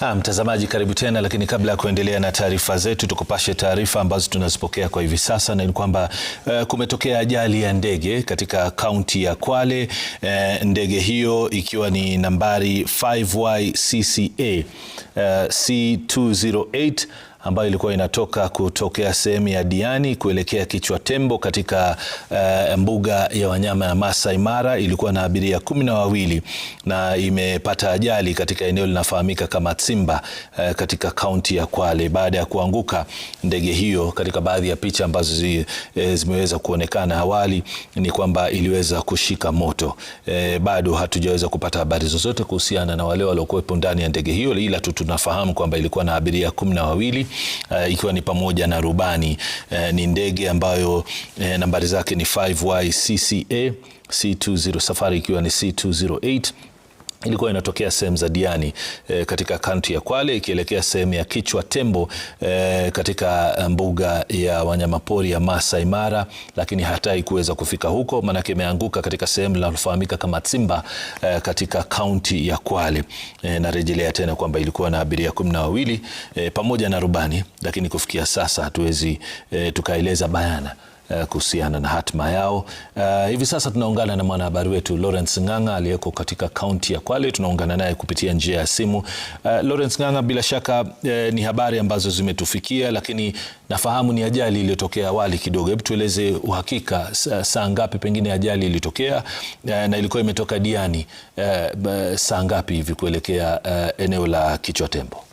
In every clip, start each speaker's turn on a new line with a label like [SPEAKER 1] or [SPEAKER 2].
[SPEAKER 1] Ha, mtazamaji karibu tena, lakini kabla ya kuendelea na taarifa zetu, tukupashe taarifa ambazo tunazipokea kwa hivi sasa, na ni kwamba uh, kumetokea ajali ya ndege katika kaunti ya Kwale uh, ndege hiyo ikiwa ni nambari 5YCCA uh, C208 ambayo ilikuwa inatoka kutokea sehemu ya Diani kuelekea Kichwa Tembo katika uh, mbuga ya wanyama ya Masai Mara ilikuwa na abiria kumi na wawili na imepata ajali katika eneo linafahamika kama Tsimba uh, katika kaunti ya Kwale baada ya kuanguka ndege hiyo. Katika baadhi ya picha ambazo zi, e, zimeweza kuonekana awali ni kwamba iliweza kushika moto. E, bado hatujaweza kupata habari zozote kuhusiana na wale waliokuwepo ndani ya ndege hiyo, ila tu tunafahamu kwamba ilikuwa na abiria kumi na wawili uh, ikiwa ni pamoja na rubani uh, ni ndege ambayo uh, nambari zake ni 5YCCA C20 safari ikiwa ni C208 ilikuwa inatokea sehemu za Diani e, katika kaunti ya Kwale ikielekea sehemu ya Kichwa Tembo e, katika e, mbuga ya wanyamapori ya Masai Mara, lakini hata ikuweza kufika huko, maanake imeanguka katika sehemu linalofahamika kama Tsimba e, katika kaunti ya Kwale e, narejelea tena kwamba ilikuwa na abiria kumi na wawili e, pamoja na rubani, lakini kufikia sasa hatuwezi e, tukaeleza bayana Eh, kuhusiana na hatima yao. Eh, hivi Uh, sasa tunaungana na mwanahabari wetu Lawrence Ng'ang'a aliyeko katika kaunti ya Kwale, tunaungana naye kupitia njia ya simu. Uh, Lawrence Ng'ang'a, bila shaka uh, ni habari ambazo zimetufikia, lakini nafahamu ni ajali iliyotokea awali kidogo. Hebu tueleze uhakika saa ngapi pengine ajali ilitokea uh, na ilikuwa imetoka Diani uh, saa ngapi hivi kuelekea uh, eneo la Kichwa Tembo?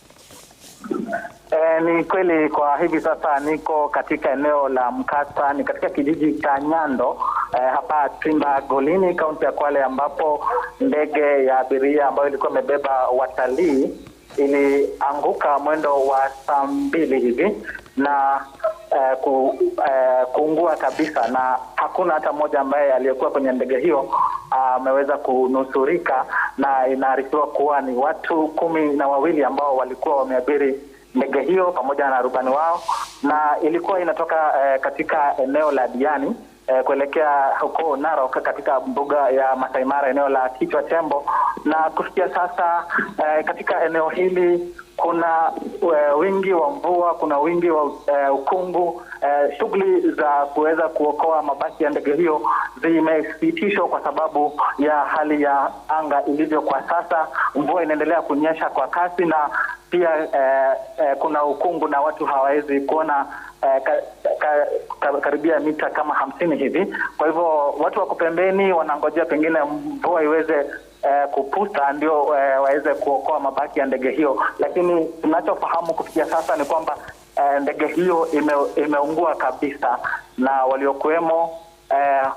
[SPEAKER 2] Eh, ni kweli kwa hivi sasa niko katika eneo la mkasa, ni katika kijiji cha Nyando eh, hapa timba Golini, kaunti ya Kwale, ambapo ndege ya abiria ambayo ilikuwa imebeba watalii ilianguka mwendo wa saa mbili hivi na eh, ku, eh, kuungua kabisa, na hakuna hata mmoja ambaye aliyekuwa kwenye ndege hiyo ah, ameweza ah, kunusurika, na inaarifiwa kuwa ni watu kumi na wawili ambao walikuwa wameabiri ndege hiyo pamoja na rubani wao, na ilikuwa inatoka eh, katika eneo la Diani eh, kuelekea huko Narok katika mbuga ya Masai Mara eneo la Kichwa Tembo, na kufikia sasa eh, katika eneo hili kuna uh, wingi wa mvua, kuna wingi wa uh, ukungu. Uh, shughuli za kuweza kuokoa mabaki ya ndege hiyo zimesitishwa kwa sababu ya hali ya anga ilivyo kwa sasa. Mvua inaendelea kunyesha kwa kasi na pia eh, eh, kuna ukungu na watu hawawezi kuona eh, ka, ka, ka, karibia mita kama hamsini hivi. Kwa hivyo watu wako pembeni, wanangojea pengine mvua iweze eh, kupusa ndio eh, waweze kuokoa mabaki ya ndege hiyo, lakini tunachofahamu kufikia sasa ni kwamba eh, ndege hiyo ime, imeungua kabisa na waliokuwemo eh,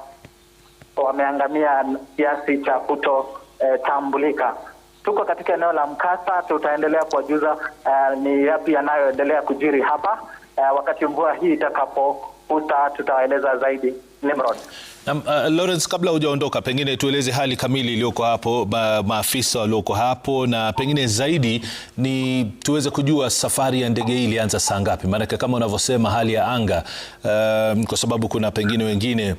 [SPEAKER 2] wameangamia kiasi cha kutotambulika. Eh, Tuko katika eneo la mkasa, tutaendelea kuwajuza uh, ni yapi yanayoendelea kujiri hapa uh, wakati mvua hii itakapopusa tutawaeleza zaidi. Nimrod.
[SPEAKER 1] Na, uh, Lawrence kabla hujaondoka, pengine tueleze hali kamili iliyoko hapo, maafisa walioko hapo, na pengine zaidi ni tuweze kujua safari ya ndege hii ilianza saa ngapi, maanake kama unavyosema hali ya anga uh, kwa sababu kuna pengine wengine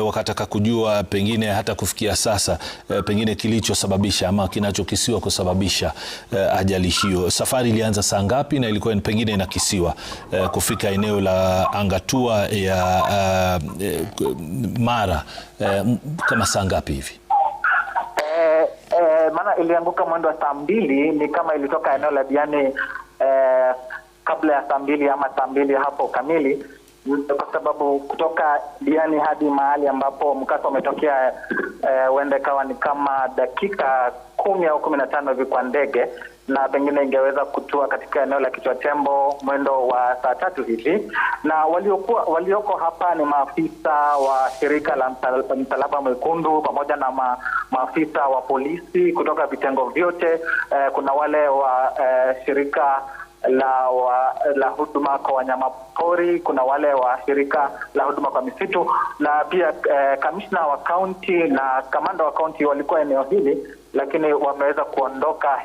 [SPEAKER 1] uh, wakataka kujua pengine hata kufikia sasa uh, pengine kilichosababisha ama kinachokisiwa kusababisha uh, ajali hiyo. Safari ilianza saa ngapi na ilikuwa pengine inakisiwa uh, kufika eneo la Angatua ya uh, mara eh, kama saa ngapi hivi?
[SPEAKER 2] Eh, eh, maana ilianguka mwendo wa saa mbili, ni kama ilitoka eneo la Diani eh, kabla ya saa mbili ama saa mbili hapo kamili, kwa sababu kutoka Diani hadi mahali ambapo mkasa umetokea eh, huenda eh, ikawa ni kama dakika kumi au kumi na tano hivi kwa ndege na pengine ingeweza kutua katika eneo la kichwa tembo mwendo wa saa tatu hivi, na waliokuwa walioko hapa ni maafisa wa shirika la Msalaba Mwekundu pamoja na ma, maafisa wa polisi kutoka vitengo vyote eh, kuna wale wa eh, shirika la wa, la huduma kwa wanyama pori, kuna wale wa shirika la huduma kwa misitu na pia eh, kamishna wa kaunti na kamanda wa kaunti walikuwa eneo hili lakini wameweza kuondoka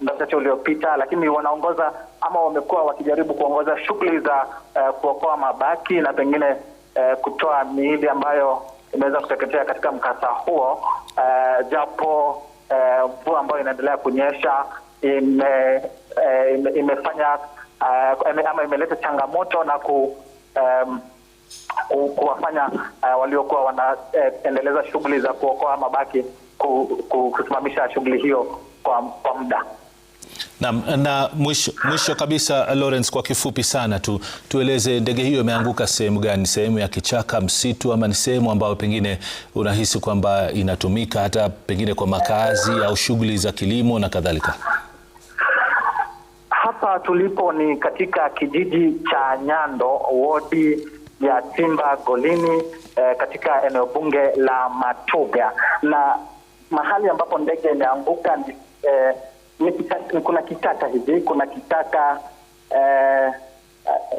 [SPEAKER 2] muda eh, mchache uliopita, lakini wanaongoza ama wamekuwa wakijaribu kuongoza shughuli za eh, kuokoa mabaki na pengine eh, kutoa miili ambayo imeweza kuteketea katika mkasa huo eh, japo eh, mvua eh, ambayo inaendelea kunyesha ime, eh, ime, imefanya eh, ama imeleta changamoto na ku eh, kuwafanya uh, waliokuwa wanaendeleza uh, shughuli za kuokoa mabaki kusimamisha shughuli hiyo kwa, kwa muda.
[SPEAKER 1] Na, na mwisho, mwisho kabisa Lawrence, kwa kifupi sana tu tueleze ndege hiyo imeanguka sehemu gani? Sehemu ya kichaka, msitu, ama ni sehemu ambayo pengine unahisi kwamba inatumika hata pengine kwa makazi au shughuli za kilimo na kadhalika?
[SPEAKER 2] Hapa tulipo ni katika kijiji cha Nyando, wodi ya Timba Golini, eh, katika eneo bunge la Matuga na mahali ambapo ndege imeanguka eh, ni, eh, kuna kitaka hivi kuna kitaka eh,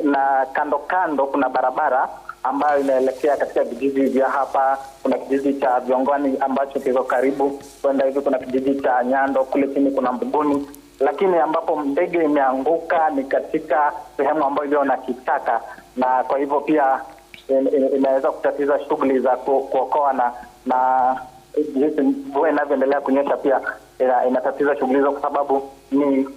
[SPEAKER 2] na kando kando kuna barabara ambayo inaelekea katika vijiji vya hapa. Kuna kijiji cha Viongoni ambacho kiko karibu kwenda hivi, kuna kijiji cha Nyando kule chini, kuna Mbuguni, lakini ambapo ndege imeanguka ni katika sehemu ambayo iliyo na kitaka, na kwa hivyo pia eh, eh, inaweza kutatiza shughuli za kuokoa na na jinsi mvua inavyoendelea kunyesha pia inatatiza shughuli hizo, kwa sababu ni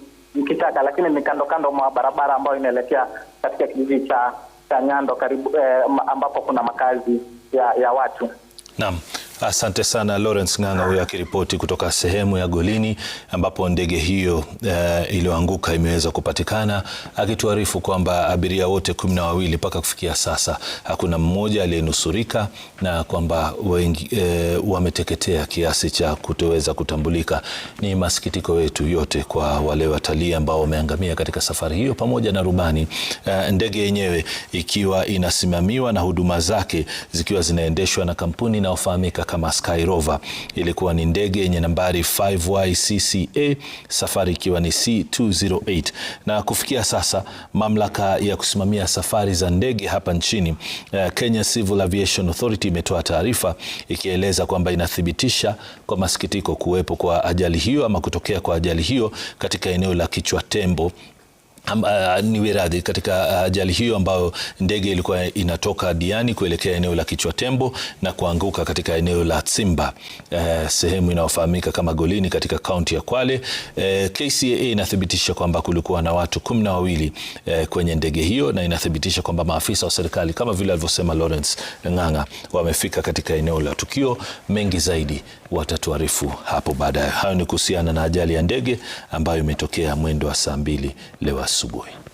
[SPEAKER 2] kichaka, lakini ni kando kando mwa barabara ambayo inaelekea katika kijiji cha cha Nyando karibu, eh, ambapo kuna makazi ya, ya watu.
[SPEAKER 1] Naam. Asante sana Lawrence Ng'ang'a, huyo akiripoti kutoka sehemu ya golini ambapo ndege hiyo uh, iliyoanguka imeweza kupatikana, akituarifu kwamba abiria wote kumi na wawili mpaka kufikia sasa hakuna mmoja aliyenusurika na kwamba wengi uh, wameteketea kiasi cha kutoweza kutambulika. Ni masikitiko yetu yote kwa wale watalii ambao wameangamia katika safari hiyo pamoja na rubani. uh, ndege yenyewe ikiwa inasimamiwa na huduma zake zikiwa zinaendeshwa na kampuni inayofahamika kama Sky Rover. Ilikuwa ni ndege yenye nambari 5YCCA, safari ikiwa ni C208. Na kufikia sasa mamlaka ya kusimamia safari za ndege hapa nchini eh, Kenya Civil Aviation Authority imetoa taarifa ikieleza kwamba inathibitisha kwa masikitiko kuwepo kwa ajali hiyo ama kutokea kwa ajali hiyo katika eneo la Kichwa Tembo Uh, ah, niwe radhi katika ah, ajali uh, hiyo ambayo ndege ilikuwa inatoka Diani kuelekea eneo la Kichwa Tembo na kuanguka katika eneo la Tsimba uh, sehemu inayofahamika kama Golini katika kaunti ya Kwale. Uh, eh, KCAA inathibitisha kwamba kulikuwa na watu kumi na wawili uh, kwenye ndege hiyo na inathibitisha kwamba maafisa wa serikali kama vile alivyosema Lawrence Ng'ang'a wamefika katika eneo la tukio. Mengi zaidi watatuarifu hapo baadaye. Hayo ni kuhusiana na ajali ya ndege ambayo imetokea mwendo wa saa mbili leo. አስቦኝ